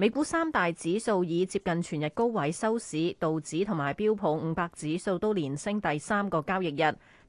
美股三大指數已接近全日高位收市，道指同埋標普五百指數都連升第三個交易日。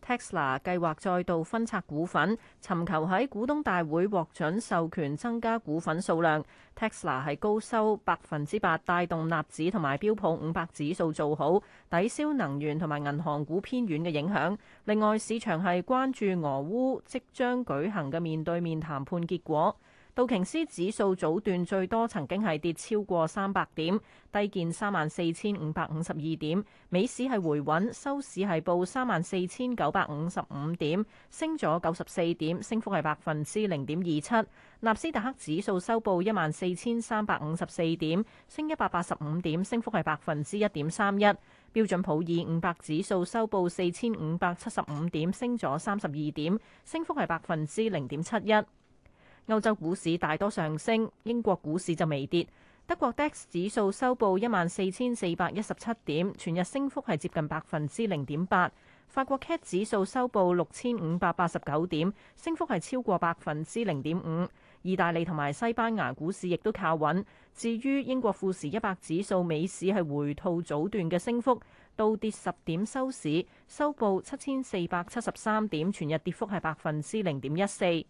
Tesla 計劃再度分拆股份，尋求喺股東大會獲准授權增加股份數量。Tesla 係高收百分之八，帶動納指同埋標普五百指數做好，抵消能源同埋銀行股偏遠嘅影響，另外，市場係關注俄烏即將舉行嘅面對面談判結果。道瓊斯指數早段最多曾經係跌超過三百點，低見三萬四千五百五十二點。美市係回穩，收市係報三萬四千九百五十五點，升咗九十四點，升幅係百分之零點二七。納斯達克指數收報一萬四千三百五十四點，升一百八十五點，升幅係百分之一點三一。標準普爾五百指數收報四千五百七十五點，升咗三十二點，升幅係百分之零點七一。歐洲股市大多上升，英國股市就微跌。德國 DAX 指數收報一萬四千四百一十七點，全日升幅係接近百分之零點八。法國 CAC 指數收報六千五百八十九點，升幅係超過百分之零點五。意大利同埋西班牙股市亦都靠穩。至於英國富時一百指數，美市係回吐早段嘅升幅，倒跌十點收市，收報七千四百七十三點，全日跌幅係百分之零點一四。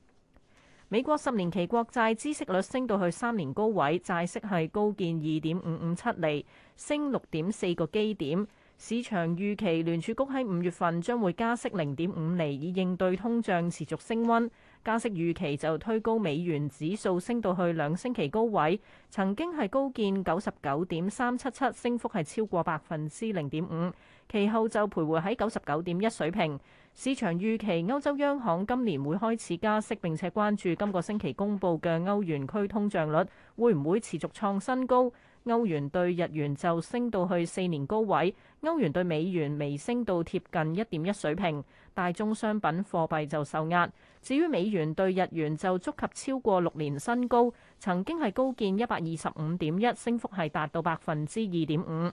美國十年期國債孳息率升到去三年高位，債息係高見二點五五七厘，升六點四個基點。市場預期聯儲局喺五月份將會加息零點五厘，以應對通脹持續升溫。加息預期就推高美元指數，升到去兩星期高位，曾經係高見九十九點三七七，升幅係超過百分之零點五。其後就徘徊喺九十九點一水平。市場預期歐洲央行今年會開始加息，並且關注今個星期公佈嘅歐元區通脹率會唔會持續創新高。歐元對日元就升到去四年高位，歐元對美元微升到貼近一點一水平，大宗商品貨幣就受壓。至於美元對日元就觸及超過六年新高，曾經係高見一百二十五點一，升幅係達到百分之二點五。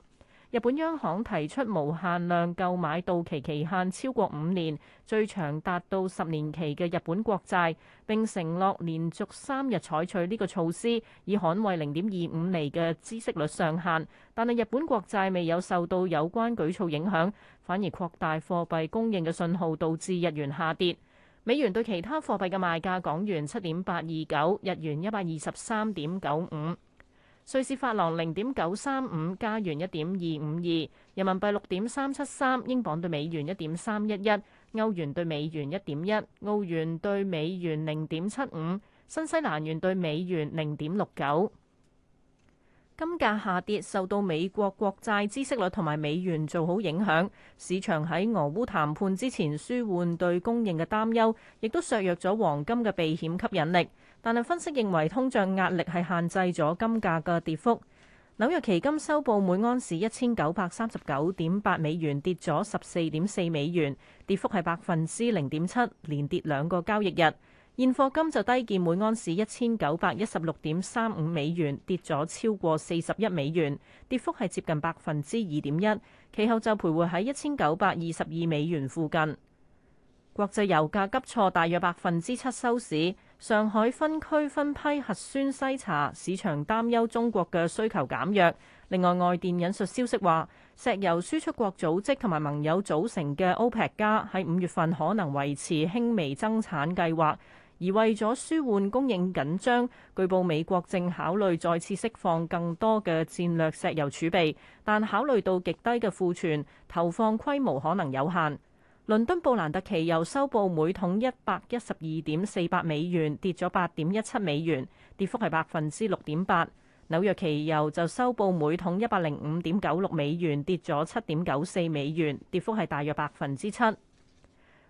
日本央行提出無限量購買到期期限超過五年、最長達到十年期嘅日本國債，並承諾連續三日採取呢個措施，以捍衛零點二五厘嘅孳息率上限。但係日本國債未有受到有關舉措影響，反而擴大貨幣供應嘅信號導致日元下跌。美元對其他貨幣嘅賣價港元七點八二九，日元一百二十三點九五。瑞士法郎零點九三五，加元一點二五二，人民幣六點三七三，英鎊兌美元一點三一一，歐元兌美元一點一，澳元兌美元零點七五，新西蘭元兌美元零點六九。金價下跌，受到美國國債孳息率同埋美元做好影響，市場喺俄烏談判之前舒緩對供應嘅擔憂，亦都削弱咗黃金嘅避險吸引力。但係分析認為通脹壓力係限制咗金價嘅跌幅。紐約期金收報每安士一千九百三十九點八美元，跌咗十四點四美元，跌幅係百分之零點七，連跌兩個交易日。現貨金就低見每安士一千九百一十六點三五美元，跌咗超過四十一美元，跌幅係接近百分之二點一。其後就徘徊喺一千九百二十二美元附近。國際油價急挫，大約百分之七收市。上海分區分批核酸篩查，市場擔憂中國嘅需求減弱。另外，外電引述消息話，石油輸出國組織同埋盟友組成嘅 OPEC 加喺五月份可能維持輕微增產計劃。而為咗舒緩供應緊張，據報美國正考慮再次釋放更多嘅戰略石油儲備，但考慮到極低嘅庫存，投放規模可能有限。倫敦布蘭特期油收報每桶一百一十二點四八美元，跌咗八點一七美元，跌幅係百分之六點八。紐約期油就收報每桶一百零五點九六美元，跌咗七點九四美元，跌幅係大約百分之七。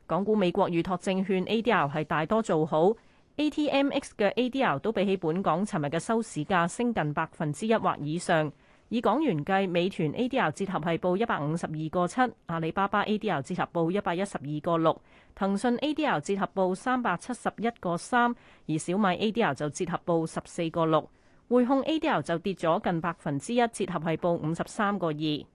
港股美國預託證券 ADR 係大多做好，ATMX 嘅 ADR 都比起本港尋日嘅收市價升近百分之一或以上。以港元計，美團 ADR 折合係報一百五十二個七，阿里巴巴 ADR 折合報一百一十二個六，騰訊 ADR 折合報三百七十一個三，而小米 ADR 就折合報十四個六，匯控 ADR 就跌咗近百分之一，折合係報五十三個二。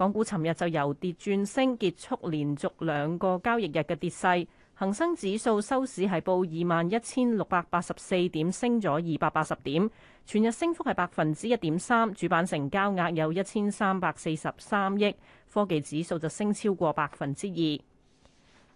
港股尋日就由跌轉升，結束連續兩個交易日嘅跌勢。恒生指數收市係報二萬一千六百八十四點，升咗二百八十點，全日升幅係百分之一點三。主板成交額有一千三百四十三億。科技指數就升超過百分之二。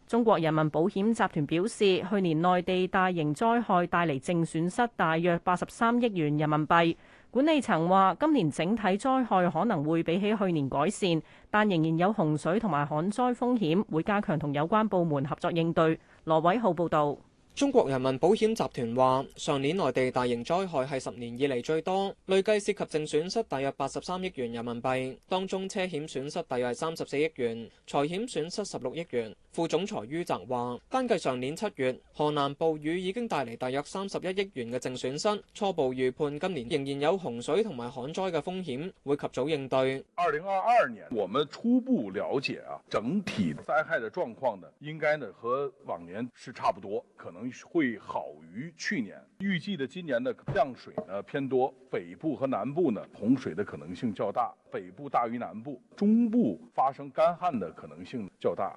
中國人民保險集團表示，去年內地大型災害帶嚟淨損失大約八十三億元人民幣。管理層話，今年整體災害可能會比起去年改善，但仍然有洪水同埋旱災風險，會加強同有關部門合作應對。羅偉浩報道。中國人民保險集團話，上年內地大型災害係十年以嚟最多，累計涉及性損失大約八十三億元人民幣，當中車險損失大約係三十四億元，財險損失十六億元。副總裁于澤話，單計上年七月河南暴雨已經帶嚟大約三十一億元嘅淨損失，初步預判今年仍然有洪水同埋旱災嘅風險，會及早應對。二零二二年，我們初步了解啊，整體災害嘅狀況呢，應該呢和往年是差不多，可能會好於去年。預計的今年的降水呢偏多，北部和南部呢洪水的可能性較大，北部大於南部，中部發生乾旱的可能性較大。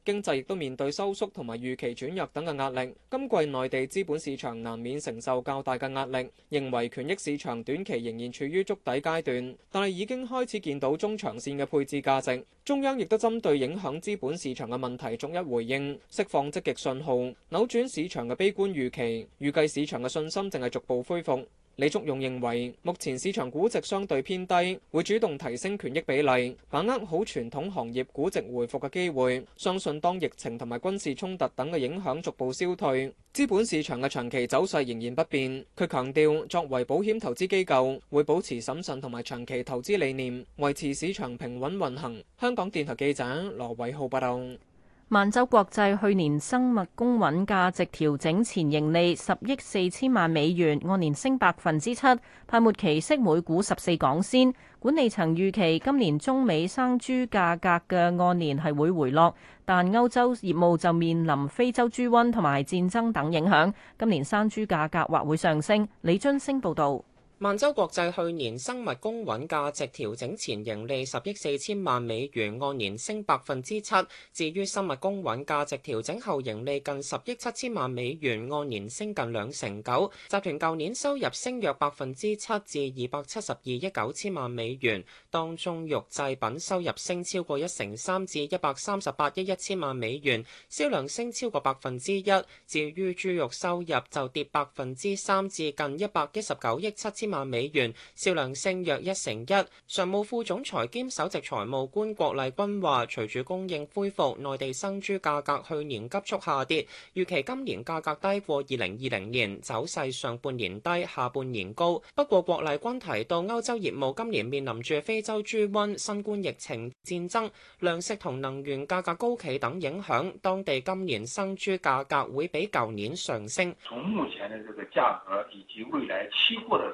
經濟亦都面對收縮同埋預期轉弱等嘅壓力，今季內地資本市場難免承受較大嘅壓力。認為權益市場短期仍然處於築底階段，但係已經開始見到中長線嘅配置價值。中央亦都針對影響資本市場嘅問題逐一回應，釋放積極信號，扭轉市場嘅悲觀預期，預計市場嘅信心正係逐步恢復。李竹勇認為，目前市場估值相對偏低，會主動提升權益比例，把握好傳統行業估值回復嘅機會，相信當疫情同埋軍事衝突等嘅影響逐步消退，資本市場嘅長期走勢仍然不變，佢強調作為保險投資機構會保持審慎同埋長期投資理念，維持市場平穩運行。香港電台記者羅偉浩報道。萬洲國際去年生物公允價值調整前盈利十億四千萬美元，按年升百分之七，派末期息每股十四港仙。管理層預期今年中美生豬價格嘅按年係會回落，但歐洲業務就面臨非洲豬瘟同埋戰爭等影響，今年生豬價格或會上升。李津升報道。萬洲國際去年生物公允價值調整前盈利十億四千萬美元，按年升百分之七。至於生物公允價值調整後盈利近十億七千萬美元，按年升近兩成九。集團舊年收入升約百分之七至二百七十二億九千萬美元，當中肉製品收入升超過一成三至一百三十八億一千萬美元，銷量升超過百分之一。至於豬肉收入就跌百分之三至近一百一十九億七千萬。萬美元，銷量升約一成一。常務副總裁兼首席財務官郭麗君話，隨住供應恢復，內地生豬價格去年急速下跌，預期今年價格低過二零二零年，走勢上半年低，下半年高。不過郭麗君提到，歐洲業務今年面臨住非洲豬瘟、新冠疫情、戰爭、糧食同能源價格高企等影響，當地今年生豬價格會比舊年上升。從目前的這個價格以及未來期貨的，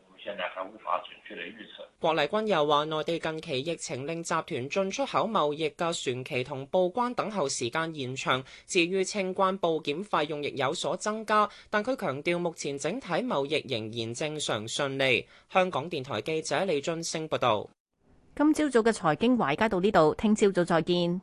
郭麗君又話，內地近期疫情令集團進出口貿易嘅船期同報關等候時間延長，至於清關報檢費用亦有所增加。但佢強調，目前整體貿易仍然正常順利。香港電台記者李津升報道。今朝早嘅財經華爾街到呢度，聽朝早再見。